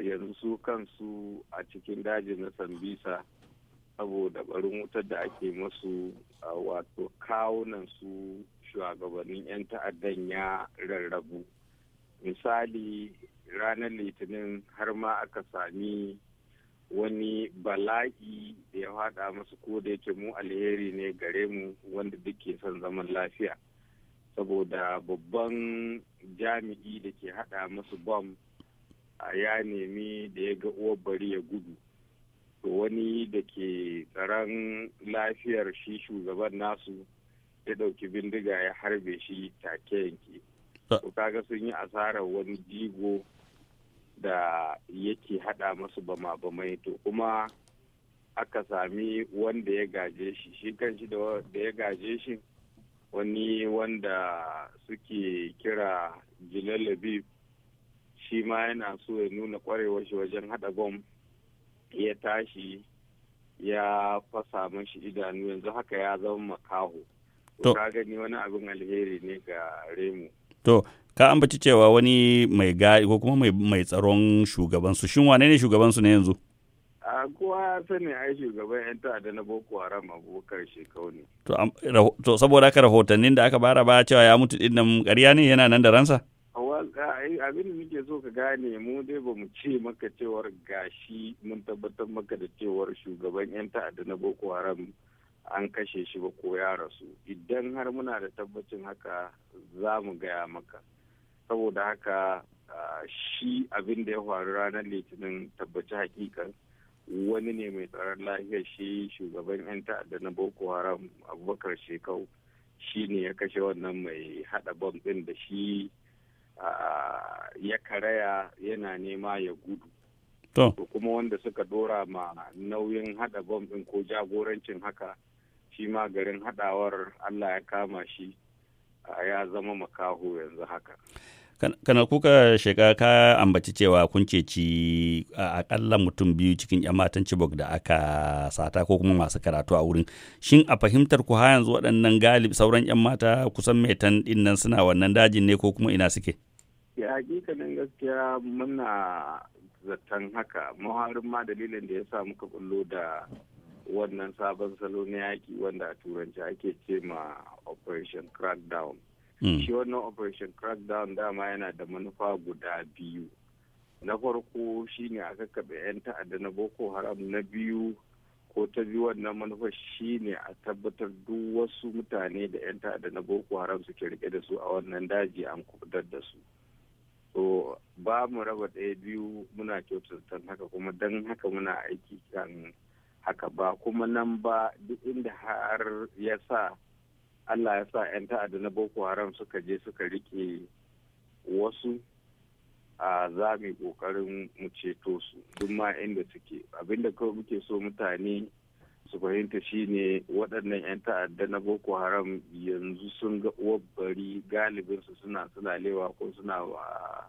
yanzu su kansu a cikin daji na sambisa saboda barin wutar da ake masu a wato kawunan su shugabannin 'yan ta'addan ya rarrabu misali ranar litinin har ma aka sami wani bala'i da ya fada masu ko da yake mu alheri ne gare mu wanda duke son zaman lafiya saboda babban jami'i da ke hada masu bom ya nemi da ya ga uwar bari ya gudu to wani da ke tsaron lafiyar shi shugaban nasu ya ɗauki bindiga ya harbe shi take yanke ah. to kaga sun yi asarar wani jigo da yake hada masu bama-bamai to kuma aka sami wanda ya gaje shi shi kanshi da ya gaje shi wani wanda suke kira jilal labib shi ma yana so ya nuna kwarewar shi wajen hada bom ya tashi ya fasa mashi idanu yanzu haka ya zama makaho to ka gani wani abin alheri ne ga remu to ka ambaci cewa wani mai ga ko kuma mai tsaron shugaban su shin wane ne shugaban su ne yanzu a kowa sani ai shugaban yan ta'adda na boko haram abubakar shekau ne to saboda haka rahotannin da aka bara ba cewa ya mutu din nan ƙarya ne yana nan da ransa Eh, abin da muke so ka gane mu dai ba mu ce maka cewar gashi mun tabbatar maka da cewar shugaban 'yan ta'adda na boko haram an kashe shi ba ko ya rasu idan har muna da tabbacin haka za mu gaya maka saboda haka shi abin da ya faru ranar litinin tabbaci hakikan wani ne mai tsaron lafiyar shi shugaban 'yan ta'adda na boko haram abubakar shekau shi ne ya kashe wannan mai hada bom din da shi ya karaya yana nema ya gudu to kuma wanda suka dora ma nauyin hada bom din ko jagorancin haka shi ma garin hadawar allah ya kama shi ya zama makaho yanzu haka kana kuka shiga ka ambaci cewa kun ce a akalla mutum biyu cikin 'yan matan cibok da aka sata ko kuma masu karatu a wurin shin a fahimtar ku ha yanzu waɗannan galib sauran 'yan mata kusan metan ɗin nan suna wannan dajin ne ko kuma ina suke ya hakikalin gaskiya muna zaton haka muharin ma dalilin da ya sa muka kullo da wannan sabon salo na yaƙi wanda a turanci ake ce ma operation crackdown Mm. shi wannan operation crackdown dama yana da manufa guda biyu na farko shine a kaɓe 'yan ta'adda na boko haram na biyu ko ta biyu wannan manufa shine a tabbatar duk wasu mutane da 'yan ta'adda na boko haram suke rike da su a wannan daji an kubutar da su to ba mu raba ɗaya biyu muna kyautatan haka kuma don haka muna aiki kan haka ba kuma nan ba duk inda har ya sa allah ya sa 'yan ta'adda na boko haram suka je suka rike wasu a za mu kokarin mu ceto su duk ma inda suke abinda kawai muke so mutane su fahimta shine waɗannan 'yan ta'adda na boko haram yanzu sun ga galibin galibinsu suna lewa ko suna wa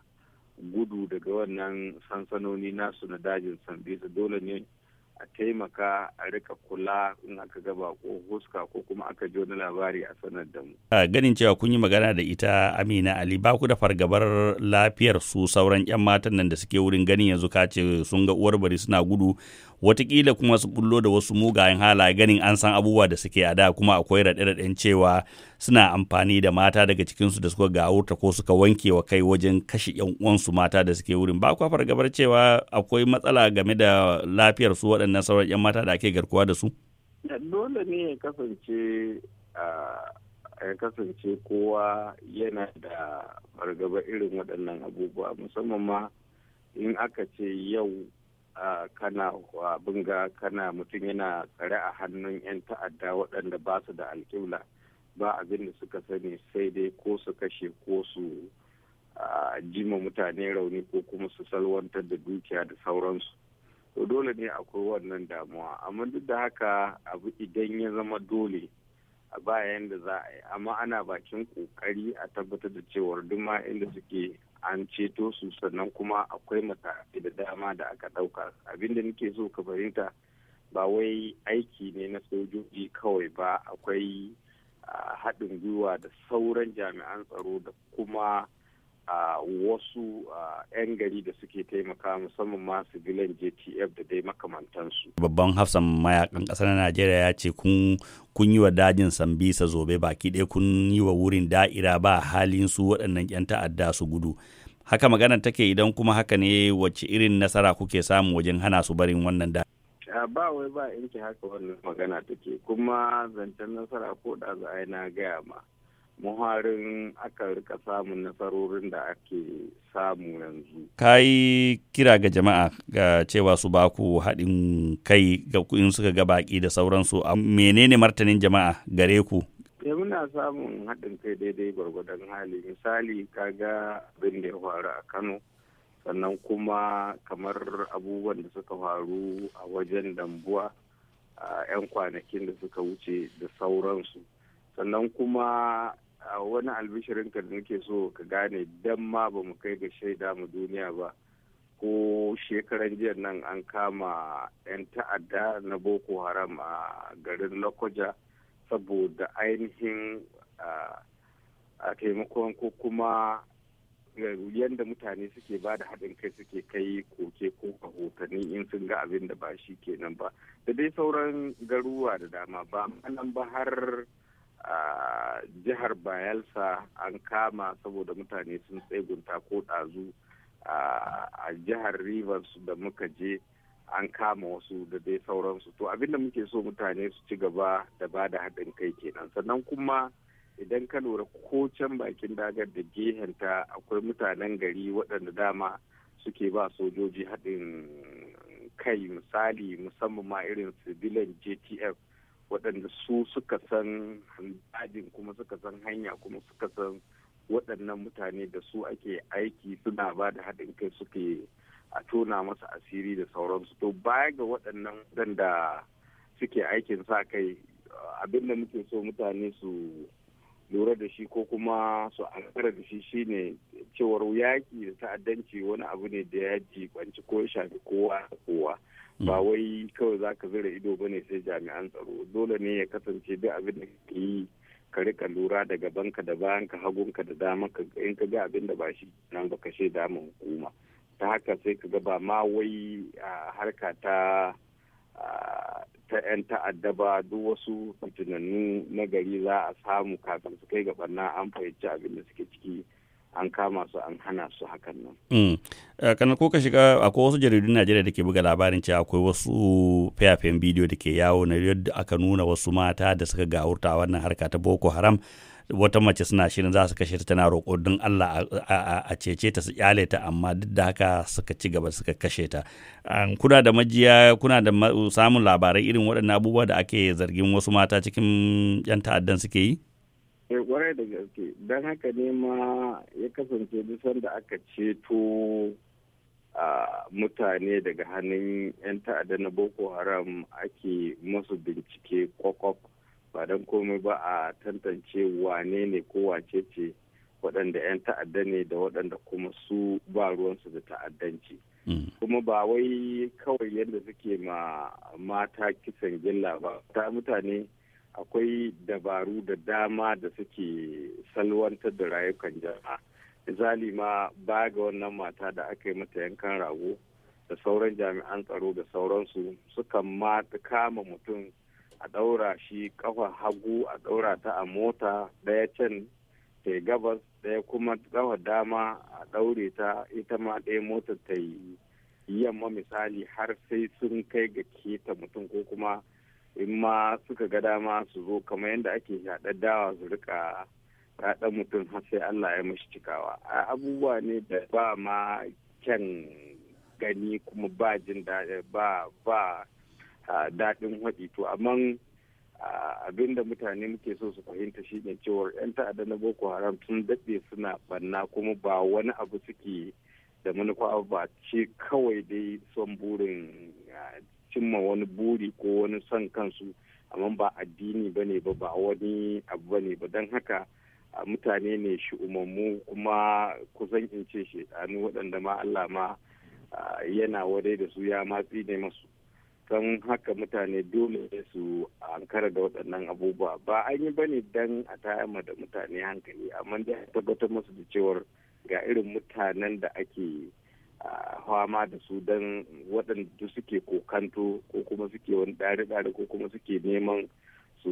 gudu daga wannan sansanoni nasu na dajin sambisa dole ne a taimaka a rika kula in aka gaba ko huska ko kuma aka ji wani labari a sanar da mu. A ganin cewa kun yi magana da ita Amina Ali ba ku da fargabar lafiyar su sauran 'yan matan nan da suke wurin ganin yanzu kace sun ga uwar bari suna gudu watakila kuma su bullo da wasu mugayen halaye ganin an san abubuwa da suke a da kuma akwai raɗe-raɗen cewa suna amfani da mata daga cikinsu da suka gawurta ko suka wanke wa kai wajen kashe yan uwansu mata da suke wurin ba kwa fargabar cewa akwai matsala game da lafiyar su waɗannan sauran yan mata da ake garkuwa da su dole ne ya kasance ya kasance kowa yana da fargaba irin waɗannan abubuwa musamman ma in aka ce yau kana abin ga kana mutum yana kare a hannun 'yan ta'adda waɗanda ba su da alƙibla ba abin da suka sani sai dai ko su kashe ko su jima mutane rauni ko kuma su salwantar da dukiya da sauransu to dole ne akwai wannan damuwa amma duk da haka abu idan ya zama dole a bayan da za a yi amma ana bakin kokari a tabbatar da cewar duk ma inda suke an ceto su sannan kuma akwai matakai da dama da aka ɗauka abinda nake so ka fahimta ba wai aiki ne na sojoji kawai ba akwai ah, haɗin gwiwa da sauran jami'an tsaro da kuma a wasu 'yan gari da suke taimaka musamman ma bilan jtf da dai makamantansu babban hafsan mayakan kasar najeriya ya ce kun yi wa dajin sambisa zobe baki ɗaya kun yi wa wurin da'ira ba halin su waɗannan 'yan ta'adda su gudu haka magana take idan kuma haka ne wacce irin nasara kuke samu wajen hana su barin wannan da ba wai ba yanke haka wannan magana take kuma zancen nasara ko da za a yi na gaya ma muharin aka rika samun nasarorin da ake samu yanzu. Ka yi kira ga jama'a ga cewa su baku haɗin kai ga in suka ga baƙi da sauransu menene martanin jama'a gare ku ya eh, muna samun haɗin kai daidai gwargwadon hali misali kaga abin da ya faru a kano sannan kuma kamar abubuwan da suka faru a wajen dambuwa a 'yan kwanakin da suka wuce da sauransu sannan kuma a wani albishirin ka da nake so ka gane dan ma ba mu kai ga shaida mu duniya ba ko shekaran jiya nan an kama 'yan ta'adda na boko haram a garin lokoja saboda ainihin a taimakon ko kuma yadda mutane suke ba da haɗin kai suke kai koke ko rahotanni in sun ga abin da ba shi kenan ba da dai sauran garuwa da dama ba nan ba har a jihar bayelsa an kama saboda mutane sun tsegunta ko ɗazu a jihar rivers da muka je an kama wasu da dai sauransu to abinda muke so mutane su ci gaba da ba da haɗin kai kenan sannan kuma idan ka lura ko can bakin dagar da gehenta akwai mutanen gari waɗanda dama suke ba sojoji haɗin kai misali musamman ma irin sibilan jtf waɗanda su suka san dajin kuma suka san hanya kuma suka san waɗannan mutane da su ake aiki suna ba da haɗin kai suke a tona masa asiri da sauransu to baya ga waɗannan waɗanda suke aikin sa kai abin da muke so mutane su lura da shi ko kuma su ankara da shi shine cewar yaƙi da ta'addanci wani abu ne da ya jibanci ko ya shafi kowa da kowa ba mm. wai kawai za ka zira ido ba ne sai jami'an tsaro dole ne ya kasance duk abin da ka yi ka rika lura da gabanka da bayanka hagunka da dama in ka ga abin da ba shi nan ba ka shaida dama hukuma ta haka sai ka ga ba ma wai harka ta ta 'yan ta'adda ba duk wasu tunannu na gari za a samu kafin su kai ga an fahimci abin da suke ciki an kama su an hana su hakan nan. Mm. Eh, kana ko ka shiga akwai wasu jaridun najeriya da ke buga labarin cewa akwai wasu fayafayen bidiyo da ke yawo na yadda aka nuna wasu mata da suka gawurta wannan harka ta boko haram wata mace suna shirin za su kashe ta tana roƙo don allah a cece ta su yale ta amma duk da haka suka ci gaba suka kashe ta kuna da majiya kuna da samun labarai irin waɗannan abubuwa da ake zargin wasu mata cikin 'yan ta'addan suke yi kwarai eh, da gaske don haka ne ma ya kasance duk da aka ceto mutane daga hannun 'yan ta'adda na boko haram ake masu bincike kwakwak ba don komai ba a tantance wane ne ko wace ce waɗanda 'yan ta'adda ne da waɗanda kuma su ba ruwansu da ta'addanci mm. kuma ba wai kawai yadda suke ma mata kisan gilla ba ta mutane akwai dabaru da dama da suke salwantar da rayukan jama'a misali ma ba ga wannan mata da aka yi mata yankan rago da sauran jami'an tsaro da sauransu sukan ma kama mutum a ɗaura shi kafa hagu a ɗaura ta a mota ɗaya can ta gabas ɗaya kuma kafa dama a ɗaure ta ita ma ɗaya motar ta yi yamma misali har sai sun kai ga keta mutum ko kuma in ma suka ga dama su zo kamar yadda ake haɗar dawa su rika raɗa mutum har sai Allah ya mashi cikawa abubuwa ne da ba ma kyan gani kuma ba jin daɗi ba ba daɗin haɗi to amma abin da mutane muke so su fahimta shi ne cewar 'yan ta'adda na boko haram sun daɗe suna banna kuma ba wani abu suke da manufa ba ce kawai dai son burin cimma wani buri ko wani son kansu amma ba addini ba ne ba ba wani abu ba ne ba don haka mutane ne umarmu kuma kusan in ce shedanu waɗanda ma Allah ma yana wadai da su ya matsi ne masu don haka mutane dole su ankara da waɗannan abubuwa ba an yi ba ne don a tayama da mutane hankali amma da tabbatar masu da cewar ga irin mutanen da ake fama da su don waɗanda suke kokanto ko kuma suke wani ɗare-ɗare ko kuma suke neman su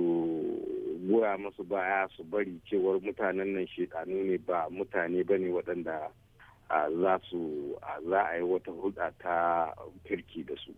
goya masu baya su bari cewar mutanen nan shekanu ne ba mutane ba ne waɗanda za su za a yi wata hulɗa ta kirki da su